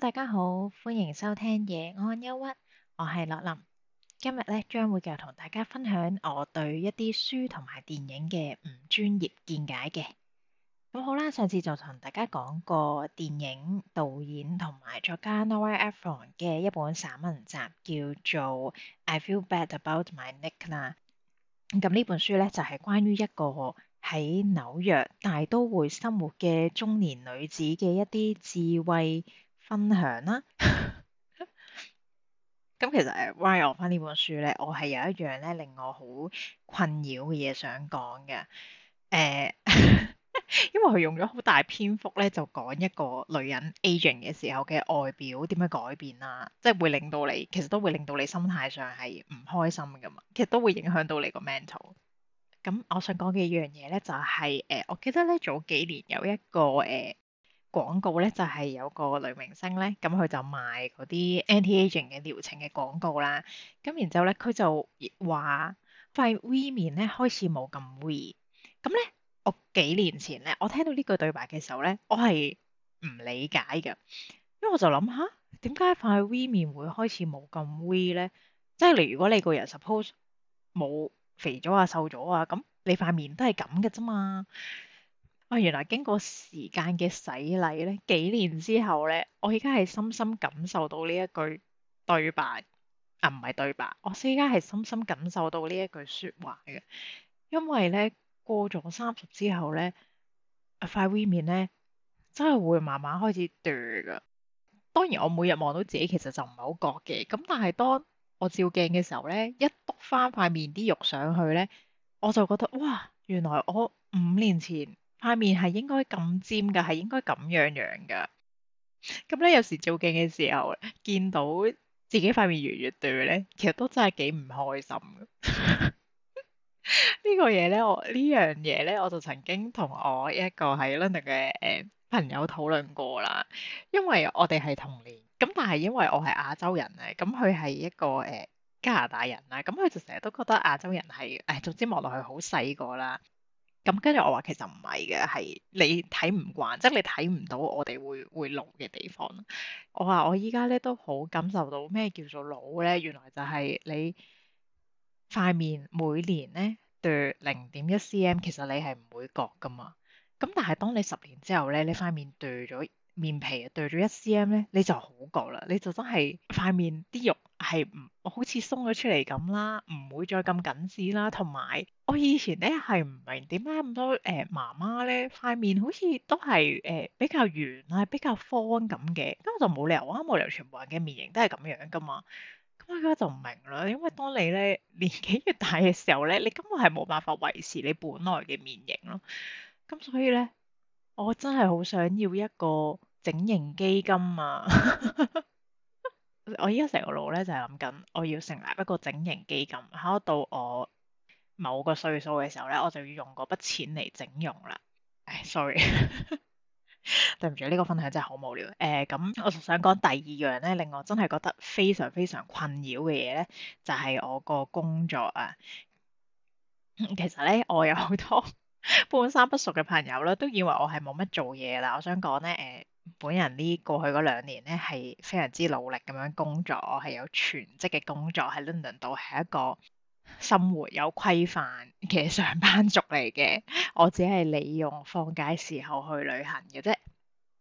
大家好，歡迎收聽夜安憂鬱，我係樂林。今日咧將會繼續同大家分享我對一啲書同埋電影嘅唔專業見解嘅。咁好啦，上次就同大家講過電影導演同埋作家 Nora Ephron 嘅一本散文集，叫做《I Feel Bad About My Neck》啦。咁呢本書咧就係關於一個喺紐約大都會生活嘅中年女子嘅一啲智慧。分享啦，咁其實誒，read 翻呢本書咧，我係有一樣咧令我好困擾嘅嘢想講嘅，誒，因為佢、呃、 用咗好大篇幅咧就講一個女人 aging 嘅時候嘅外表點樣改變啦，即係會令到你其實都會令到你心態上係唔開心噶嘛，其實都會影響到你個 mental。咁我想講嘅一樣嘢咧，就係、是、誒、呃，我記得咧早幾年有一個誒，呃廣告咧就係有個女明星咧，咁佢就賣嗰啲 anti-aging 嘅療程嘅廣告啦。咁然之後咧，佢就話塊 V 面咧開始冇咁 V。咁咧，我幾年前咧，我聽到呢句對白嘅時候咧，我係唔理解嘅，因為我就諗下點解塊 V 面會開始冇咁 V 咧？即係你如果你個人 suppose 冇肥咗啊瘦咗啊，咁你塊面都係咁嘅啫嘛。啊！原來經過時間嘅洗禮，咧，幾年之後咧，我而家係深深感受到呢一句對白啊，唔係對白，我而家係深深感受到呢一句説話嘅，因為咧，過咗三十之後咧塊、啊、面咧，真係會慢慢開始掉㗎。當然我每日望到自己其實就唔係好覺嘅，咁但係當我照鏡嘅時候咧，一篤翻塊面啲肉上去咧，我就覺得哇！原來我五年前。塊面係應該咁尖㗎，係應該咁樣樣㗎。咁咧有時照鏡嘅時候，見到自己塊面圓圓哋咧，其實都真係幾唔開心。 個呢個嘢咧，我、這個、呢樣嘢咧，我就曾經同我一個喺 London 嘅誒朋友討論過啦。因為我哋係同年，咁但係因為我係亞洲人咧，咁佢係一個誒加拿大人啦，咁佢就成日都覺得亞洲人係誒、哎、總之望落去好細個啦。咁跟住我話其實唔係嘅，係你睇唔慣，即係你睇唔到我哋會會老嘅地方。我話我依家咧都好感受到咩叫做老咧，原來就係你塊面每年咧掉零點一 C M，其實你係唔會覺噶嘛。咁但係當你十年之後咧，你塊面掉咗，面皮掉咗一 C M 咧，你就好覺啦，你就真係塊面啲肉。係唔好似鬆咗出嚟咁啦，唔會再咁緊致啦。同埋我以前咧係唔明點解咁多誒媽媽咧塊面好似都係誒、呃、比較圓啊，比較方咁嘅。咁我就冇理由，我冇理由全部人嘅面型都係咁樣噶嘛？咁我而家就唔明啦。因為當你咧年紀越大嘅時候咧，你根本係冇辦法維持你本來嘅面型咯。咁所以咧，我真係好想要一個整形基金啊！ 我依家成個腦咧就係諗緊，我要成立一個整形基金，喺到我某個歲數嘅時候咧，我就要用嗰筆錢嚟整容啦。唉，sorry， 對唔住，呢個分享真係好無聊。誒、呃，咁我想講第二樣咧，令我真係覺得非常非常困擾嘅嘢咧，就係我個工作啊。其實咧，我有好多半生不熟嘅朋友咧，都以為我係冇乜做嘢，但我想講咧，誒、呃。本人呢過去嗰兩年咧，係非常之努力咁樣工作，我係有全職嘅工作喺 London 度，係一個生活有規範嘅上班族嚟嘅。我只係利用放假時候去旅行嘅啫。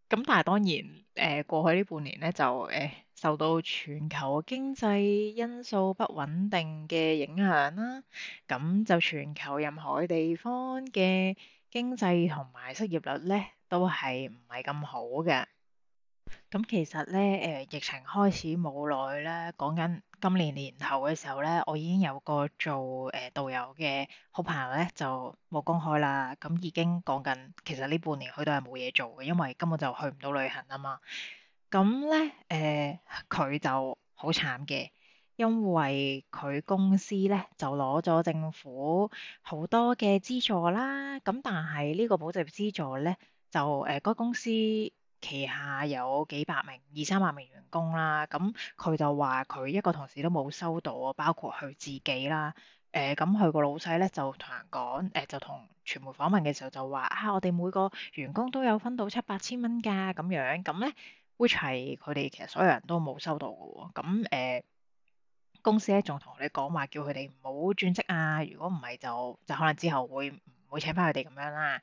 咁但係當然，誒過去呢半年咧就誒受到全球經濟因素不穩定嘅影響啦。咁就全球任何地方嘅經濟同埋失業率咧，都係唔係咁好嘅？咁其實咧，誒、呃、疫情開始冇耐咧，講緊今年年頭嘅時候咧，我已經有個做誒、呃、導遊嘅好朋友咧，就冇公開啦。咁已經講緊，其實呢半年佢都係冇嘢做嘅，因為根本就去唔到旅行啊嘛。咁咧，誒、呃、佢就好慘嘅，因為佢公司咧就攞咗政府好多嘅資助啦。咁但係呢個補貼資助咧～就誒，嗰、呃那個、公司旗下有幾百名、二三百名員工啦。咁佢就話佢一個同事都冇收到，包括佢自己啦。誒、呃，咁佢個老細咧就同人講，誒，就同、呃、傳媒訪問嘅時候就話啊，我哋每個員工都有分到七八千蚊㗎，咁樣咁咧，which 係佢哋其實所有人都冇收到嘅喎。咁誒、呃，公司咧仲同你講話叫佢哋唔好轉職啊，如果唔係就就可能之後會唔會請翻佢哋咁樣啦。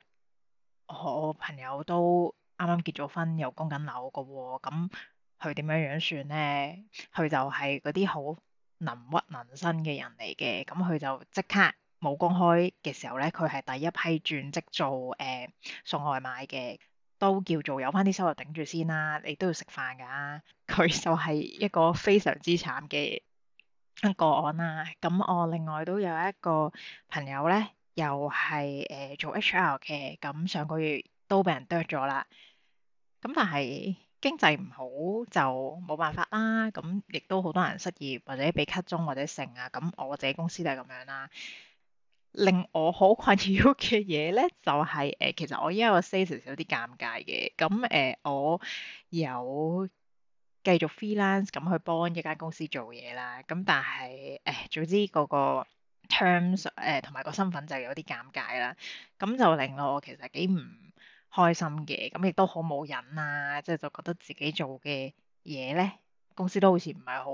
我朋友都啱啱結咗婚，又供緊樓噶喎、哦，咁佢點樣樣算咧？佢就係嗰啲好能屈能伸嘅人嚟嘅，咁佢就即刻冇工開嘅時候咧，佢係第一批轉職做誒、呃、送外賣嘅，都叫做有返啲收入頂住先啦、啊，你都要食飯噶、啊。佢就係一個非常之慘嘅一個案啦、啊。咁我另外都有一個朋友咧。又係誒、呃、做 H R 嘅，咁、嗯、上個月都俾人剁咗啦。咁、嗯、但係經濟唔好就冇辦法啦。咁、嗯、亦都好多人失業或者被 cut 中或者剩啊。咁、嗯、我自己公司都係咁樣啦。令我好困擾嘅嘢咧，就係、是、誒、呃，其實我依家個 status 有啲尷尬嘅。咁、嗯、誒、呃，我有繼續 freelance 咁、嗯、去幫一間公司做嘢啦。咁、嗯、但係誒，總之個個。t 同埋個身份就有啲尷尬啦，咁就令到我其實幾唔開心嘅，咁亦都好冇癮啊！即係就覺得自己做嘅嘢咧，公司都好似唔係好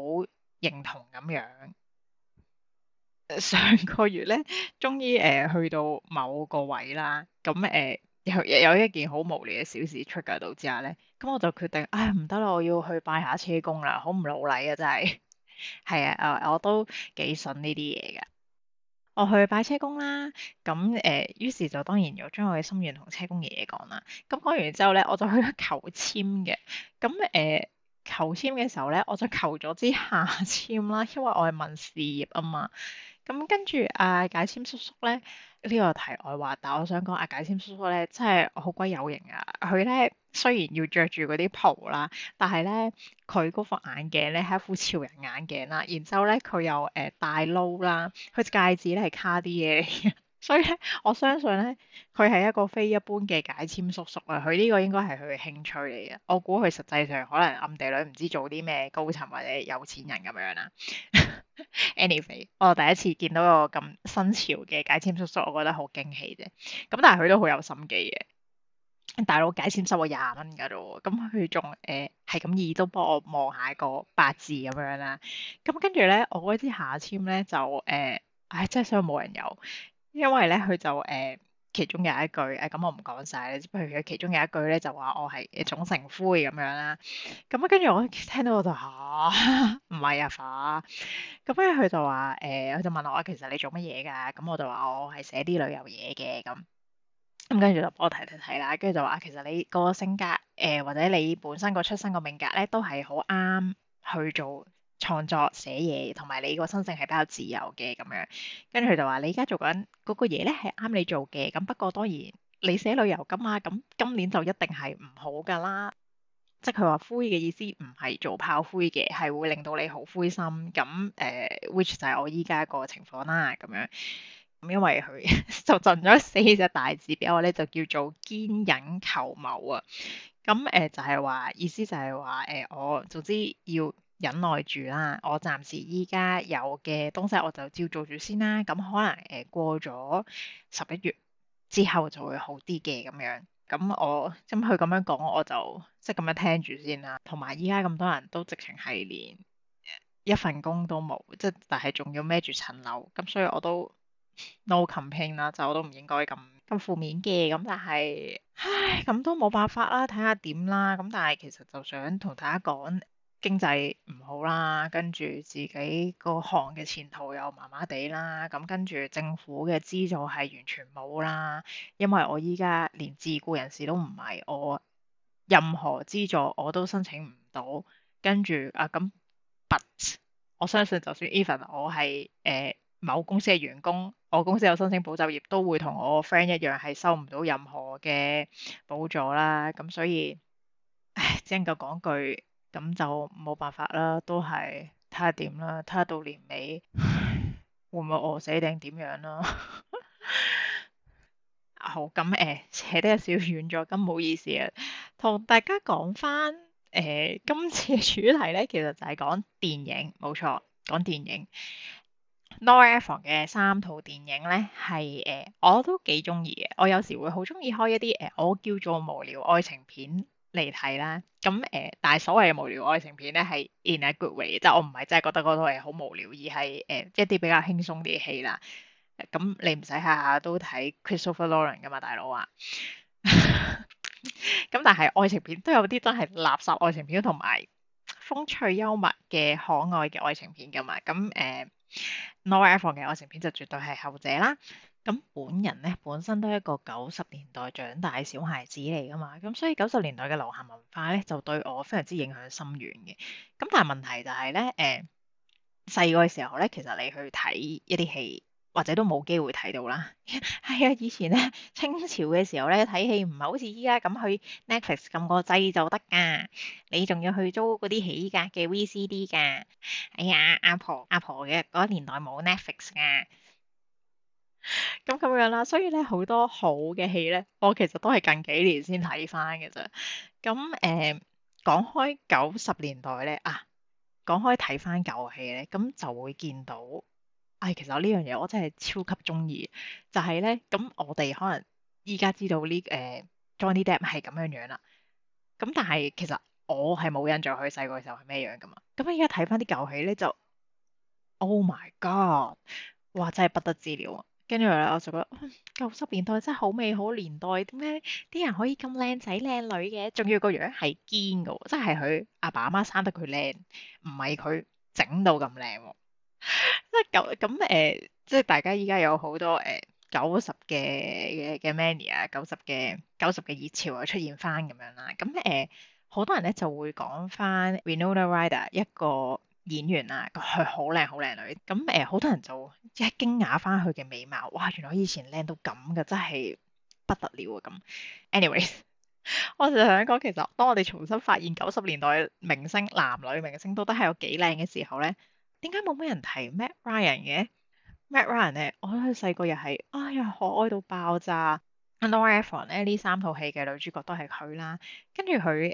認同咁樣。上個月咧，終於誒、呃、去到某個位啦，咁誒、呃、有有一件好無聊嘅小事出噶，到之後咧，咁我就決定，唉，唔得啦，我要去拜下車公啦，好唔老嚟啊！真係係 啊，誒我，我都幾信呢啲嘢㗎。我去拜車公啦，咁誒、呃，於是就當然又將我嘅心願同車公爺爺講啦。咁、嗯、講完之後咧，我就去求籤嘅，咁、嗯、誒、呃、求籤嘅時候咧，我就求咗支下籤啦，因為我係問事業啊嘛。咁、嗯、跟住啊解籤叔叔咧。呢個題外話，但我想講阿解簽叔叔咧，真係好鬼有型啊！佢咧雖然要着住嗰啲袍啦，但係咧佢嗰副眼鏡咧係一副潮人眼鏡啦，然之後咧佢又誒戴 l o p 啦，佢戒指咧係卡啲嘢嚟嘅。 所以咧，我相信咧，佢係一個非一般嘅解簽叔叔啊！佢呢個應該係佢興趣嚟嘅。我估佢實際上可能暗地裡唔知做啲咩高層或者有錢人咁樣啦。 Anyway，我第一次見到個咁新潮嘅解簽叔叔，我覺得好驚喜啫。咁但係佢都好有心機嘅。大佬解簽收我廿蚊㗎啫喎，咁佢仲誒係咁易都幫我望下個八字咁樣啦。咁跟住咧，我嗰支下簽咧就誒，唉、呃哎，真係所以冇人有。因為咧，佢就誒、呃、其中有一句誒，咁、哎、我唔講晒啦。不過佢其中有一句咧，就話我係一種成灰咁樣啦。咁、嗯、啊，跟住我聽到我就嚇，唔係啊，法。跟住佢就話誒，佢、呃、就問我其實你做乜嘢㗎？咁我就話我係寫啲旅遊嘢嘅咁。咁跟住就我提提提啦，跟住就話其實你個性格誒、呃，或者你本身、出身個出生個命格咧，都係好啱去做。創作寫嘢，同埋你個身性係比較自由嘅咁樣。跟住佢就話：你依家做緊嗰、那個嘢咧係啱你做嘅。咁不過當然，你寫旅遊咁啊，咁今年就一定係唔好噶啦。即係佢話灰嘅意思唔係做炮灰嘅，係會令到你好灰心。咁誒、呃、，which 就係我依家個情況啦咁樣。咁因為佢 就贈咗四隻大字俾我咧，就叫做堅忍求謀啊。咁誒、呃、就係、是、話意思就係話誒我總之要。忍耐住啦，我暫時依家有嘅東西我就照做住先啦。咁、嗯、可能誒、呃、過咗十一月之後就會好啲嘅咁樣。咁我咁佢咁樣講，我就即係咁樣聽住先啦。同埋依家咁多人都直情係連一份工都冇，即係但係仲要孭住層樓。咁、嗯、所以我都 no complaining 啦，就我都唔應該咁咁負面嘅。咁、嗯、但係唉，咁都冇辦法啦，睇下點啦。咁但係其實就想同大家講。經濟唔好啦，跟住自己個行嘅前途又麻麻地啦，咁跟住政府嘅資助係完全冇啦，因為我依家連自雇人士都唔係我，任何資助我都申請唔到，跟住啊咁，but 我相信就算 even 我係誒、呃、某公司嘅員工，我公司有申請保就業，都會同我 friend 一樣係收唔到任何嘅補助啦，咁、嗯、所以，唉，只能夠講句。咁就冇辦法啦，都係睇下點啦，睇下到年尾 會唔會餓死定點樣啦。 好，咁誒扯得有少少遠咗，咁唔好意思啊。同大家講翻誒今次嘅主題咧，其實就係講電影，冇錯，講電影。Noir 嘅三套電影咧係誒我都幾中意嘅，我有時會好中意開一啲誒、嗯、我叫做無聊愛情片。嚟睇啦，咁誒，但係所謂嘅無聊愛情片咧係 in a good way，即係我唔係真係覺得嗰套嘢好無聊，而係誒、呃、一啲比較輕鬆啲嘅戲啦。咁你唔使下下都睇 Christopher Lauren 噶嘛，大佬啊。咁 但係愛情片都有啲真係垃圾愛情片，同埋風趣幽默嘅可愛嘅愛情片噶嘛。咁誒、呃，Nora Ephron 嘅愛情片就絕對係後者啦。咁本人咧，本身都係一個九十年代長大小孩子嚟㗎嘛，咁所以九十年代嘅流行文化咧，就對我非常之影響深遠嘅。咁但係問題就係咧，誒細個嘅時候咧，其實你去睇一啲戲，或者都冇機會睇到啦。係 啊、哎，以前咧清朝嘅時候咧，睇戲唔係好似依家咁去 Netflix 撳個掣就得㗎，你仲要去租嗰啲起價嘅 VCD 㗎。哎呀，阿婆阿婆嘅嗰年代冇 Netflix 㗎。咁咁樣啦，所以咧好多好嘅戲咧，我其實都係近幾年先睇翻嘅啫。咁誒，講開九十年代咧啊，講開睇翻舊戲咧，咁就會見到，唉，其實呢樣嘢我真係超級中意，就係咧，咁我哋可能依家知道呢誒，Johnny Depp 係咁樣樣啦。咁但係其實我係冇印象佢細個時候係咩樣噶嘛。咁依家睇翻啲舊戲咧就，Oh my God，哇，真係不得之了啊！跟住咧，我就覺得九十、嗯、年代真係好美好年代，點解啲人可以咁靚仔靚女嘅？仲要個樣係堅㗎喎。即係佢阿爸阿媽生得佢靚，唔係佢整到咁靚。即係九咁誒，即係大家依家有好多誒九十嘅嘅嘅 mania，九十嘅九十嘅熱潮啊出現翻咁樣啦。咁誒，好、呃、多人咧就會講翻 Renault Rider 一個演員啦、啊，佢好靚，好靚女。咁誒，好、呃、多人就即係驚訝翻佢嘅美貌，哇！原來以前靚到咁嘅，真係不得了啊！咁，anyways， 我就想講，其實當我哋重新發現九十年代明星，男女明星都都係有幾靚嘅時候咧，點解冇咩人提 Matt Ryan 嘅？Matt Ryan 咧，我覺得佢細個又係，哎呀可愛到爆炸。Another one 咧，呢三套戲嘅女主角都係佢啦，跟住佢誒，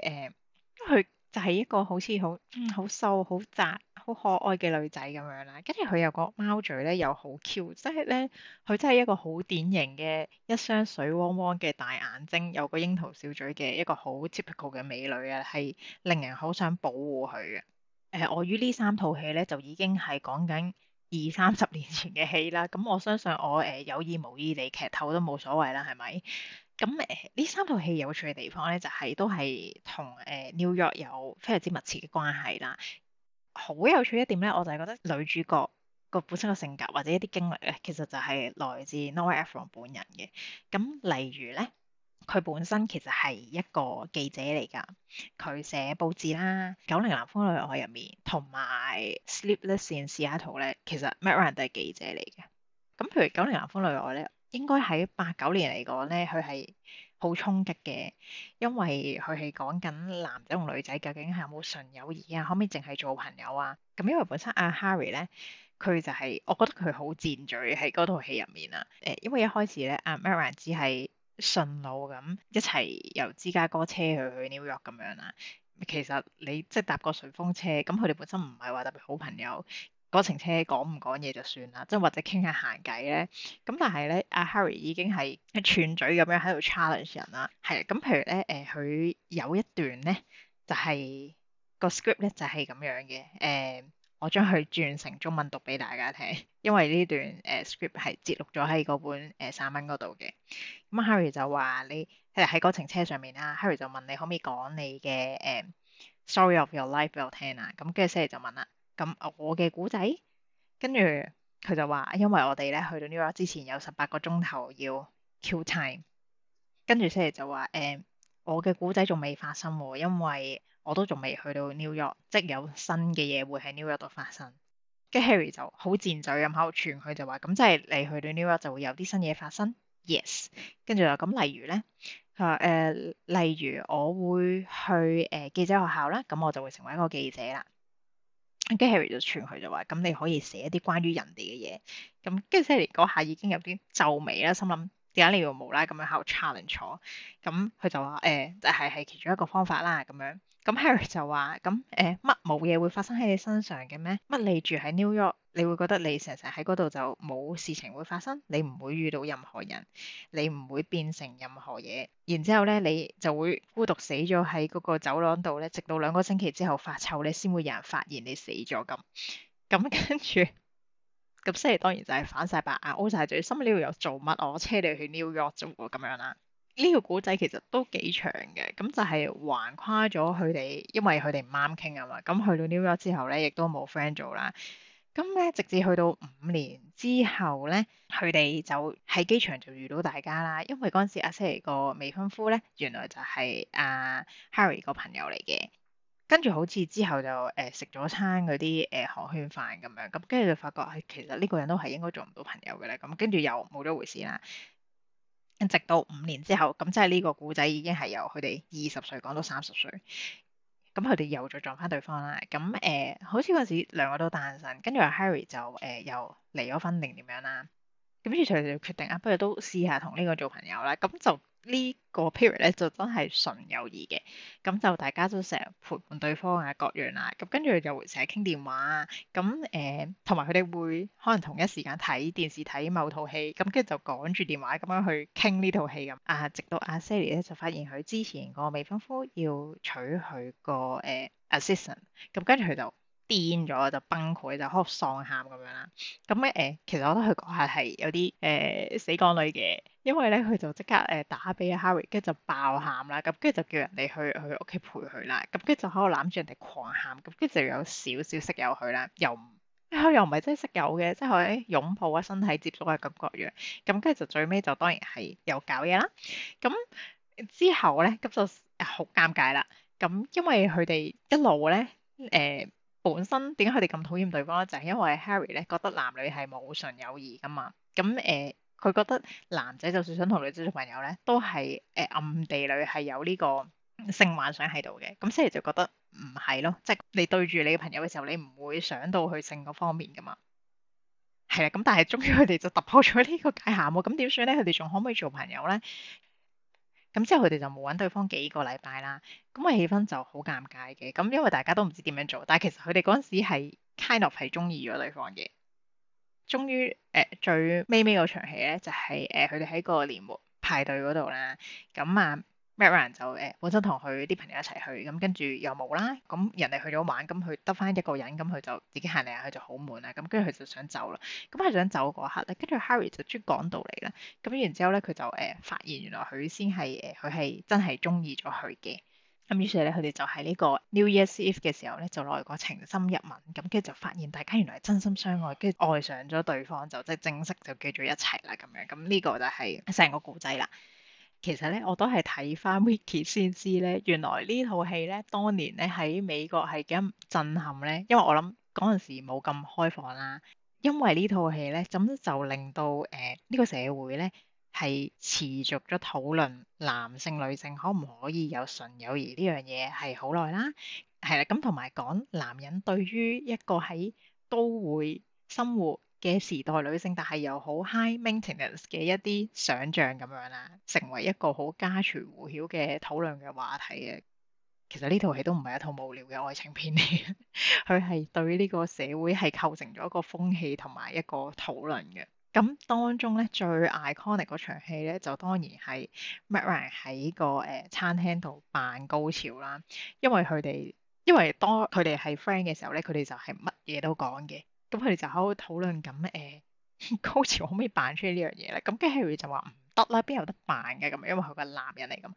佢、呃。就係一個好似好好瘦、好窄、好可愛嘅女仔咁樣啦，跟住佢有個貓嘴咧，又好 Q，即係咧佢真係一個好典型嘅一雙水汪汪嘅大眼睛，有個櫻桃小嘴嘅一個好 typical 嘅美女啊，係令人好想保護佢嘅。誒、呃，我於呢三套戲咧就已經係講緊二三十年前嘅戲啦，咁、嗯、我相信我誒有意無意你劇透都冇所謂啦，係咪？咁誒，呢三套戲有趣嘅地方咧，就係、是、都係同 New York 有非常之密切嘅關係啦。好有趣一點咧，我就覺得女主角個本身個性格或者一啲經歷咧，其實就係來自 Nora Ephron 本人嘅。咁例如咧，佢本身其實係一個記者嚟㗎，佢寫報紙啦，《九零男歡女愛》入面同埋《Sleepless in Seattle》咧，其實 Meg Ryan 都係記者嚟嘅。咁譬如《九零男歡女愛》咧。應該喺八九年嚟講咧，佢係好衝擊嘅，因為佢係講緊男仔同女仔究竟係有冇純友誼啊，可唔可以淨係做朋友啊。咁、嗯、因為本身阿、啊、Harry 咧，佢就係、是、我覺得佢好賤嘴喺嗰套戲入面啊。誒、嗯，因為一開始咧，阿、啊、Marian 只係順路咁一齊由芝加哥車去去 New York 咁樣啦。其實你即係搭個順風車，咁佢哋本身唔係話特別好朋友。嗰程車講唔講嘢就算啦，即係或者傾下閒偈咧，咁但係咧，阿 Harry 已經係一串嘴咁樣喺度 challenge 人啦，係，咁譬如咧，誒、呃、佢有一段咧就係、是、個 script 咧就係咁樣嘅，誒、呃、我將佢轉成中文讀俾大家聽，因為呢段誒 script 係節錄咗喺嗰本誒散、呃、文嗰度嘅，咁 Harry 就話你係喺嗰程車上面啦，Harry 就問你可唔可以講你嘅誒、呃、story of your life 俾我聽啊，咁跟住 Sir 就問啦。咁我嘅古仔，跟住佢就話，因為我哋咧去到 New York 之前有十八個鐘頭要 kill time，跟住 Harry 就話誒、嗯，我嘅古仔仲未發生喎、哦，因為我都仲未去到 New York，即有新嘅嘢會喺 New York 度發生。跟住 Harry 就好健嘴咁喺度傳，佢就話，咁、嗯、即係你去到 New York 就會有啲新嘢發生。Yes，跟住就咁、嗯，例如咧佢話誒，例如我會去誒、呃、記者學校啦，咁我就會成為一個記者啦。跟住 Harry 就傳佢就話：咁你可以寫一啲關於人哋嘅嘢。咁跟住 Harry 嗰下已經有啲皺眉啦，心諗。點解你要無啦咁樣喺度 challenge 我？咁佢就話誒、欸，就係、是、係其中一個方法啦咁樣。咁 Harry 就話：咁誒，乜冇嘢會發生喺你身上嘅咩？乜你住喺 New York，你會覺得你成日喺嗰度就冇事情會發生，你唔會遇到任何人，你唔會變成任何嘢。然之後咧，你就會孤獨死咗喺嗰個走廊度咧，直到兩個星期之後發臭，你先會有人發現你死咗咁。咁跟住。咁西莉當然就係反晒白眼，O 曬嘴，心呢度又做乜？我車你去 New York 做喎，咁樣啦。呢、這個古仔其實都幾長嘅，咁就係橫跨咗佢哋，因為佢哋唔啱傾啊嘛。咁去到 New York 之後咧，亦都冇 friend 做啦。咁咧，直至去到五年之後咧，佢哋就喺機場就遇到大家啦。因為嗰陣時阿西莉個未婚夫咧，原來就係、是、阿、啊、Harry 個朋友嚟嘅。跟住好似之後就誒食咗餐嗰啲誒寒暄飯咁樣，咁跟住就發覺係、哎、其實呢個人都係應該做唔到朋友嘅咧，咁跟住又冇咗回事啦。咁直到五年之後，咁、嗯、即係呢個古仔已經係由佢哋二十歲講到三十歲。咁佢哋又再撞翻對方啦。咁誒、呃，好似嗰陣時兩個都單身，跟住 Harry 就誒、呃、又離咗婚定點樣啦。咁跟住佢哋決定啊，不如都試下同呢個做朋友啦。咁就～個呢個 period 咧就真係純友誼嘅。咁就大家都成日陪伴對方啊，各樣啊，咁跟住就會成日傾電話啊，咁誒同埋佢哋會可能同一時間睇電視睇某套戲，咁跟住就講住電話咁樣去傾呢套戲咁啊，直到阿 Sally 咧就發現佢之前個未婚夫要娶佢個誒、呃、assistant，咁跟住佢就……癲咗就崩潰就開始喪喊咁樣啦，咁咧誒其實我覺得佢嗰下係有啲誒、呃、死港女嘅，因為咧佢就即刻誒打俾 Harry，跟住就爆喊啦，咁跟住就叫人哋去去屋企陪佢啦，咁跟住就喺度攬住人哋狂喊，咁跟住就有少少識有佢啦，又、啊、又唔係真係識有嘅，即係喺擁抱啊、身體接觸啊咁各樣，咁跟住就最尾就當然係又搞嘢啦，咁、嗯、之後咧咁就好尷尬啦，咁因為佢哋一路咧誒。呃本身點解佢哋咁討厭對方咧？就係、是、因為 Harry 咧覺得男女係冇純友誼噶嘛。咁誒，佢、呃、覺得男仔就算想同女仔做朋友咧，都係誒、呃、暗地裏係有呢個性幻想喺度嘅。咁所以就覺得唔係咯，即、就、係、是、你對住你朋友嘅時候，你唔會想到去性嗰方面噶嘛。係啊，咁但係終於佢哋就突破咗呢個界限喎。咁點算咧？佢哋仲可唔可以做朋友咧？咁之後佢哋就冇揾對方幾個禮拜啦，咁、嗰個氣氛就好尷尬嘅。咁因為大家都唔知點樣做，但係其實佢哋嗰陣時係 kind of 係中意咗對方嘅。終於誒、呃、最尾尾嗰場戲咧，就係誒佢哋喺個年末派對嗰度啦，咁啊～Marlon 就誒，本身同佢啲朋友一齊去，咁跟住又冇啦。咁人哋去咗玩，咁佢得翻一個人，咁佢就自己行嚟行去就好悶啦。咁跟住佢就想走啦。咁佢想走嗰刻咧，跟住 Harry 就中意講道理啦。咁然之後咧，佢就誒發現原來佢先係誒，佢係真係中意咗佢嘅。咁於是咧，佢哋就喺呢個 New Year’s Eve 嘅時候咧，就攞嚟個情深一吻。咁跟住就發現大家原來係真心相愛，跟住愛上咗對方，就即係正式就繼續一齊啦。咁樣咁呢個就係成個故仔啦。其實咧，我都係睇翻 Wiki 先知咧，原來呢套戲咧，當年咧喺美國係幾震撼咧，因為我諗嗰陣時冇咁開放啦。因為呢套戲咧，咁就，就令到誒呢、呃這個社會咧係持續咗討論男性女性可唔可以有純友誼呢樣嘢係好耐啦，係啦，咁同埋講男人對於一個喺都會生活。嘅時代女性，但係又好 high maintenance 嘅一啲想像咁樣啦，成為一個好家傳戶曉嘅討論嘅話題嘅。其實呢套戲都唔係一套無聊嘅愛情片嚟，佢 係對呢個社會係構成咗一個風氣同埋一個討論嘅。咁當中咧最 iconic 嗰場戲咧，就當然係 Meg Ryan 喺個誒、呃、餐廳度扮高潮啦。因為佢哋，因為當佢哋係 friend 嘅時候咧，佢哋就係乜嘢都講嘅。咁佢哋就喺度討論緊，誒、欸，高潮可唔可以扮出呢樣嘢咧？咁跟住就話唔得啦，邊有得扮嘅咁，因為佢個男人嚟咁。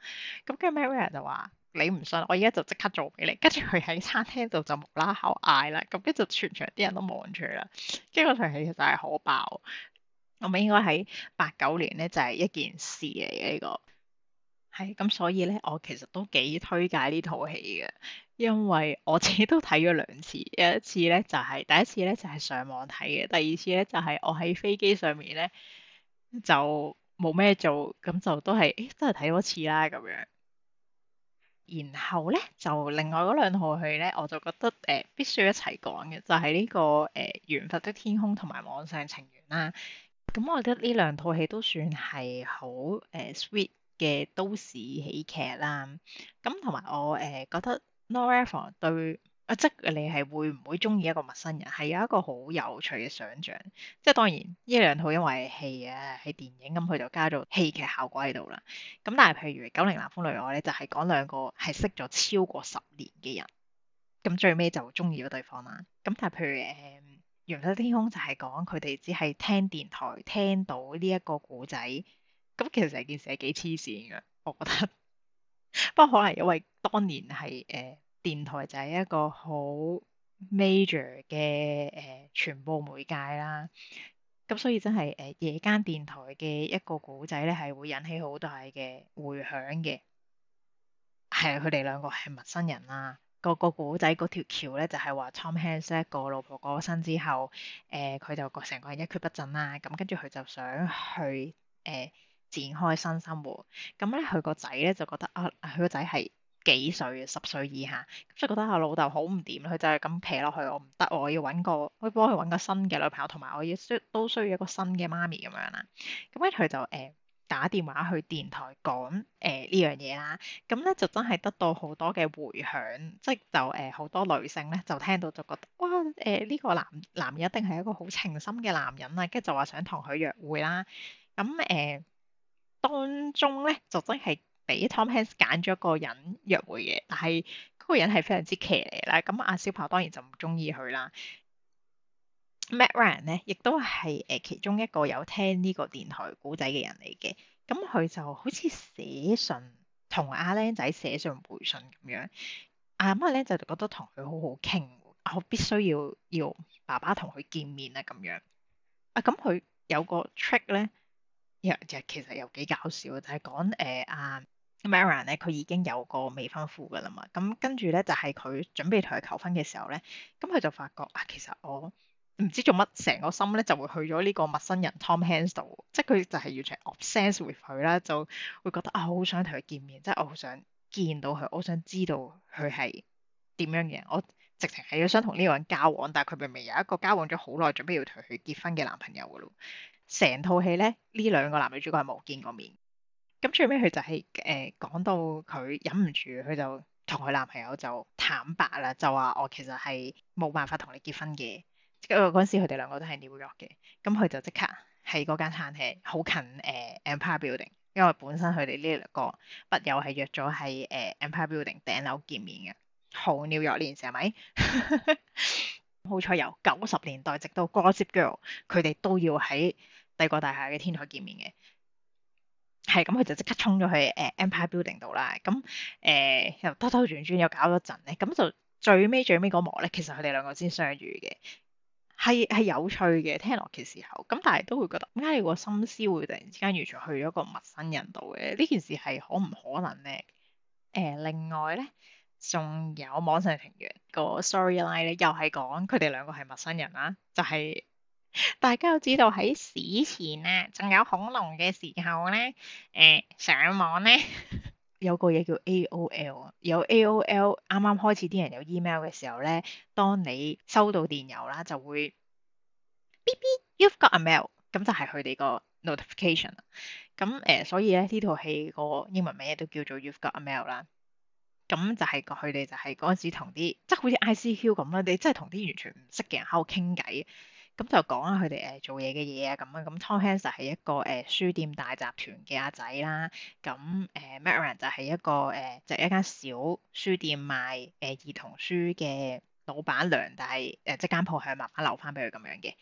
跟住 Maria 就話你唔信，我而家就即刻做俾你。跟住佢喺餐廳度就無啦啦嗌啦，咁跟住全場啲人都望住啦。跟住個場戲其實就係好爆。咁應該喺八九年咧就係一件事嚟嘅呢個。係，咁所以咧我其實都幾推介呢套戲嘅。因為我自己都睇咗兩次，有一次咧就係、是、第一次咧就係、是、上網睇嘅，第二次咧就係、是、我喺飛機上面咧就冇咩做，咁就都係誒都係睇多次啦咁樣。然後咧就另外嗰兩套戲咧，我就覺得誒、呃、必須一齊講嘅就係、是、呢、這個誒《緣、呃、份的天空》同埋《網上情緣》啦。咁、嗯、我覺得呢兩套戲都算係好誒 sweet 嘅都市喜劇啦。咁同埋我誒、呃、覺得。no r e f e r 對啊，即你係會唔會中意一個陌生人，係有一個好有趣嘅想像。即係當然呢兩套因為係戲啊，係電影咁，佢、嗯、就加咗戲劇效果喺度啦。咁、嗯、但係譬如《九零男歡女愛》咧，就係講兩個係識咗超過十年嘅人，咁、嗯、最尾就中意咗對方啦。咁、嗯、但係譬如誒《陽、嗯、光天空》，就係講佢哋只係聽電台聽到呢一個故仔，咁、嗯、其實成件事係幾黐線嘅，我覺得。 不過可能因為當年係誒、呃、電台就係一個好 major 嘅誒傳、呃、播媒介啦，咁所以真係誒、呃、夜間電台嘅一個古仔咧係會引起好大嘅回響嘅，係佢哋兩個係陌生人啦。個個古仔嗰條橋咧就係、係、話 Tom Hanks 一個老婆過咗身之後，誒、呃、佢就個成個人一蹶不振啦，咁跟住佢就想去誒。呃展開新生活，咁咧佢個仔咧就覺得啊，佢個仔係幾歲啊？十歲以下，咁就覺得我老豆好唔掂。佢就係咁撇落去，我唔得、哦，我要揾個，我要幫佢揾個新嘅女朋友，同埋我需要需都需要一個新嘅媽咪咁樣啦。咁咧佢就誒、呃、打電話去電台講誒呢樣嘢啦。咁咧就真係得到好多嘅迴響，即係就誒好、呃、多女性咧就聽到就覺得哇誒呢、呃這個男男人一定係一個好情深嘅男人啊，跟住就話想同佢約會啦。咁誒。呃呃當中咧就真係俾 Tom Hanks 揀咗一個人約會嘅，但係嗰個人係非常之騎呢啦。咁阿小炮當然就唔中意佢啦。Matt Ryan 咧亦都係誒其中一個有聽呢個電台古仔嘅人嚟嘅，咁佢就好似寫信同阿靚仔寫信回信咁樣。阿媽咧就覺得同佢好好傾，我必須要要爸爸同佢見面啦咁樣。啊咁佢有個 trick 咧。Yeah, yeah, 其實又幾搞笑，就係、是、講誒阿 Marian 咧，佢、uh, uh, 已經有個未婚夫噶啦嘛。咁、嗯、跟住咧，就係、是、佢準備同佢求婚嘅時候咧，咁佢就發覺啊，其實我唔知做乜，成個心咧就會去咗呢個陌生人 Tom Hanks 度，即係佢就係完全 obsessed with 佢啦，就會覺得啊，好想同佢見面，即係我好想見到佢，我想知道佢係點樣嘅人，我直情係要想同呢個人交往，但係佢明明有一個交往咗好耐，準備要同佢結婚嘅男朋友噶咯。成套戲咧，呢兩個男女主角係冇見過面。咁最尾佢就係誒講到佢忍唔住，佢就同佢男朋友就坦白啦，就話我其實係冇辦法同你結婚嘅。跟住嗰陣時佢哋兩個都係紐約嘅，咁佢就即刻喺嗰間餐廳好近誒、呃、Empire Building，因為本身佢哋呢兩個筆友係約咗喺誒 Empire Building 頂樓見面嘅，紐是是 好紐約呢件事係咪？好彩由九十年代直到《Gossip Girl》，佢哋都要喺。帝國大廈嘅天台見面嘅，係咁佢就即刻衝咗去誒 Empire Building 度啦，咁誒又兜兜轉轉又搞咗陣咧，咁、嗯、就最尾最尾嗰幕咧，其實佢哋兩個先相遇嘅，係係有趣嘅，聽落嘅時候，咁但係都會覺得點解你個心思會突然之間完全去咗個陌生人度嘅？呢件事係可唔可能咧？誒、呃、另外咧，仲有網上情緣個 storyline 咧，又係講佢哋兩個係陌生人啦、啊，就係、是。大家都知道喺史前啊，仲有恐龍嘅時候咧，誒、呃，上網咧 有個嘢叫 AOL，有 AOL 啱啱開始啲人有 email 嘅時候咧，當你收到電郵啦，就會 b b You've got a mail，咁就係佢哋個 notification 啦。咁誒、呃，所以咧呢套戲個英文名都叫做 You've got a mail 啦。咁就係佢哋就係嗰陣時同啲即係好似 ICQ 咁啦，你真係同啲完全唔識嘅人喺度傾偈。咁、嗯、就講下佢哋誒做嘢嘅嘢啊，咁啊，咁 Tom Hanks 係一個誒、呃、書店大集團嘅阿仔啦，咁誒、呃、Maran 就係一個誒、呃、就係、一間小書店賣誒、呃、兒童書嘅老闆娘，但係誒、呃、即間鋪係媽媽留翻俾佢咁樣嘅，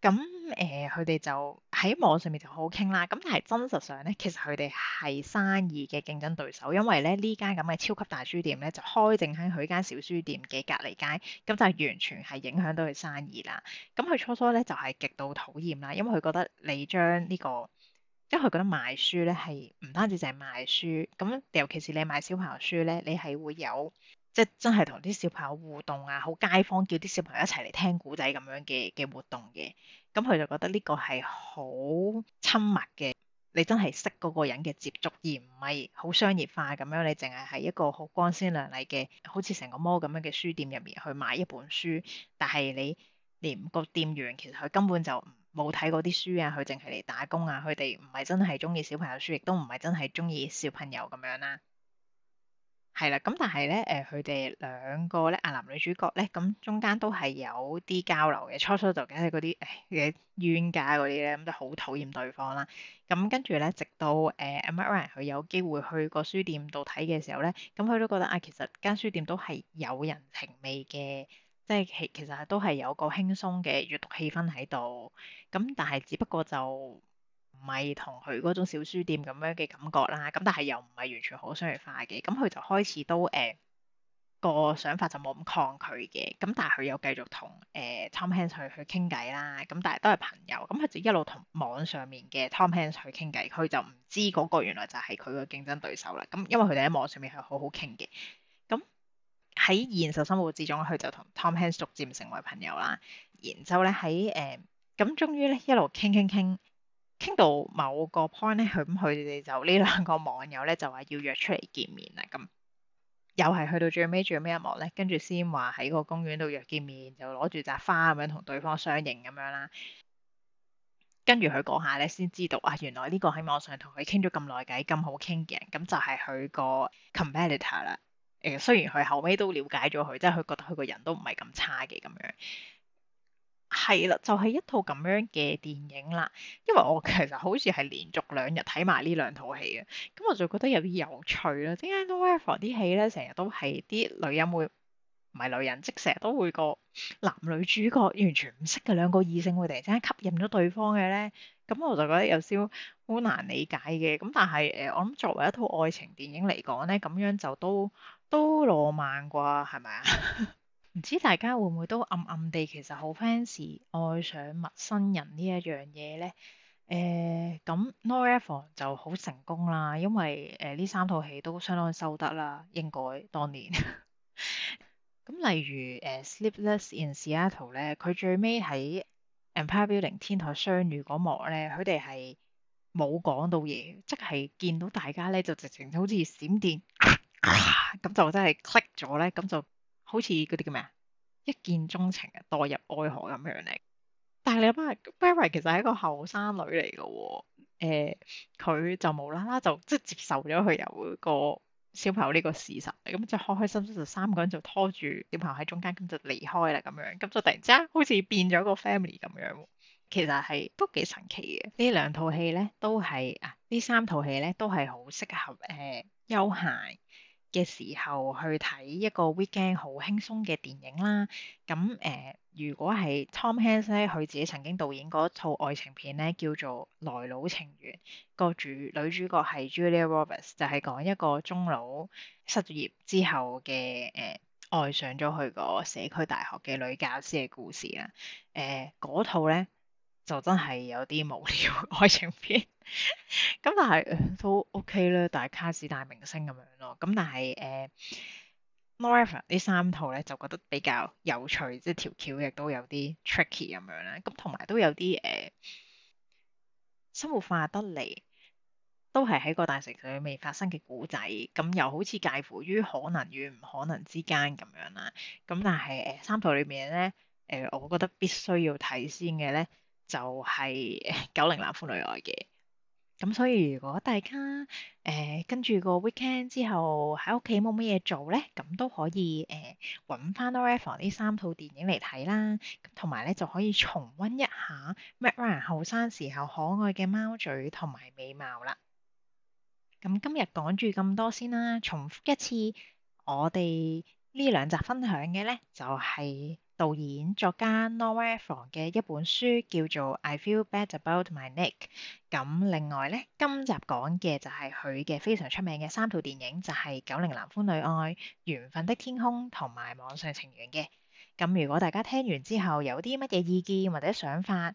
咁誒佢哋就。喺網上面就好傾啦，咁但係真實上咧，其實佢哋係生意嘅競爭對手，因為咧呢間咁嘅超級大書店咧就開正喺佢間小書店嘅隔離街，咁就完全係影響到佢生意啦。咁佢初初咧就係、是、極度討厭啦，因為佢覺得你將呢、這個，因為佢覺得賣書咧係唔單止淨係賣書，咁尤其是你賣小朋友書咧，你係會有。即真係同啲小朋友互動啊，好街坊叫啲小朋友一齊嚟聽古仔咁樣嘅嘅活動嘅，咁、嗯、佢就覺得呢個係好親密嘅，你真係識嗰個人嘅接觸，而唔係好商業化咁樣，你淨係喺一個好光鮮亮麗嘅，好似成個魔咁樣嘅書店入面去買一本書，但係你連個店員其實佢根本就冇睇過啲書啊，佢淨係嚟打工啊，佢哋唔係真係中意小朋友書，亦都唔係真係中意小朋友咁樣啦、啊。係啦，咁、嗯、但係咧，誒佢哋兩個咧啊，男女主角咧，咁、嗯、中間都係有啲交流嘅。初初就梗係嗰啲嘅冤家嗰啲咧，咁就好討厭對方啦。咁、嗯、跟住咧，直到誒 a m e r a 佢有機會去個書店度睇嘅時候咧，咁、嗯、佢都覺得啊，其實間書店都係有人情味嘅，即係其其實都係有個輕鬆嘅閱讀氣氛喺度。咁、嗯、但係只不過就。唔係同佢嗰種小書店咁樣嘅感覺啦，咁但係又唔係完全好商業化嘅，咁佢就開始都誒、呃、個想法就冇咁抗拒嘅，咁但係佢又繼續同誒、呃、Tom Hanks 去去傾偈啦，咁但係都係朋友，咁佢就一路同網上面嘅 Tom Hanks 去傾偈，佢就唔知嗰個原來就係佢個競爭對手啦，咁因為佢哋喺網上面係好好傾嘅，咁喺現實生活之中，佢就同 Tom Hanks 逐漸成為朋友啦，然之後咧喺誒咁，終於咧一路傾傾傾。傾到某個 point 咧，佢咁佢哋就呢兩個網友咧就話要約出嚟見面啦，咁又係去到最尾最尾一幕咧，跟住先話喺個公園度約見面，就攞住扎花咁樣同對方相認咁樣啦。跟住佢講下咧，先知道啊，原來呢個喺網上同佢傾咗咁耐偈、咁好傾嘅人，咁就係佢個 competitor 啦。誒、呃，雖然佢後尾都了解咗佢，即係佢覺得佢個人都唔係咁差嘅咁樣。係啦，就係、是、一套咁樣嘅電影啦。因為我其實好似係連續兩日睇埋呢兩套戲嘅，咁我就覺得有啲有趣啦。點解 Noir 啲戲咧成日都係啲女人會唔係女人，即成日都會個男女主角完全唔識嘅兩個異性會突然之間吸引咗對方嘅咧？咁我就覺得有少好難理解嘅。咁但係誒、呃，我諗作為一套愛情電影嚟講咧，咁樣就都都浪漫啩，係咪啊？ 唔知大家會唔會都暗暗地其實好 fans 愛上陌生人呢一樣嘢咧？誒、呃、咁《Nora Ephron》就好成功啦，因為誒呢、呃、三套戲都相當收得啦，應該當年。咁 例如誒《呃、Sleepless in Seattle》咧，佢最尾喺 Empire Building 天台相遇嗰幕咧，佢哋係冇講到嘢，即係見到大家咧就直情好似閃電咁、啊啊、就真係 click 咗咧，咁就～好似嗰啲叫咩啊？一見鐘情啊，墮入愛河咁樣咧。但係你諗下，Barry 其實係一個後生女嚟嘅喎。佢、欸、就無啦啦就即係接受咗佢有個小朋友呢個事實，咁就開開心心就三個人就拖住小朋友喺中間咁就離開啦咁樣。咁就突然之間好似變咗個 family 咁樣。其實係都幾神奇嘅。呢兩套戲咧都係啊，呢三套戲咧都係好適合誒、呃、休閒。嘅時候去睇一個 weekend 好輕鬆嘅電影啦，咁誒、呃，如果係 Tom Hanks 咧，佢自己曾經導演嗰套愛情片咧，叫做《來佬情緣》，個主女主角係 Julia Roberts，就係講一個中老失業之後嘅誒、呃，愛上咗佢個社區大學嘅女教師嘅故事啦，誒、呃、嗰套咧。就真係有啲無聊愛情片，咁 但係、呃、都 OK 啦。但係卡士大明星咁樣咯。咁但係誒，Never 呢三套咧就覺得比較有趣，即係條橋亦都有啲 tricky 咁樣啦。咁同埋都有啲誒、呃、生活化得嚟，都係喺個大城市裏面發生嘅古仔。咁又好似介乎於可能與唔可能之間咁樣啦。咁但係誒、呃、三套裏面咧，誒、呃、我覺得必須要睇先嘅咧。就係九零男歡女愛嘅，咁所以如果大家誒、呃、跟住個 weekend 之後喺屋企冇乜嘢做咧，咁都可以誒揾翻 Oliver 呢三套電影嚟睇啦，同埋咧就可以重溫一下 Matt Ryan 後生時候可愛嘅貓嘴同埋美貌啦。咁今日講住咁多先啦，重複一次我哋呢兩集分享嘅咧就係、是。導演作家 Norway 馮嘅一本書叫做 I feel bad about my neck。咁另外咧，今集講嘅就係佢嘅非常出名嘅三套電影，就係、是《九零男歡女愛》、《緣分的天空》同埋《網上情緣》嘅。咁如果大家聽完之後有啲乜嘢意見或者想法，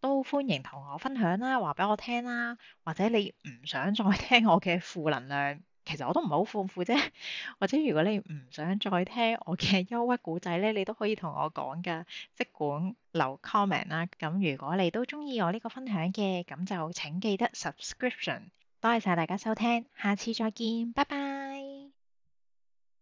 都歡迎同我分享啦，話俾我聽啦。或者你唔想再聽我嘅負能量？其實我都唔係好放負啫，或者如果你唔想再聽我嘅憂鬱古仔咧，你都可以同我講㗎，即管留 comment 啦。咁如果你都中意我呢個分享嘅，咁就請記得 subscription。多謝曬大家收聽，下次再見，拜拜。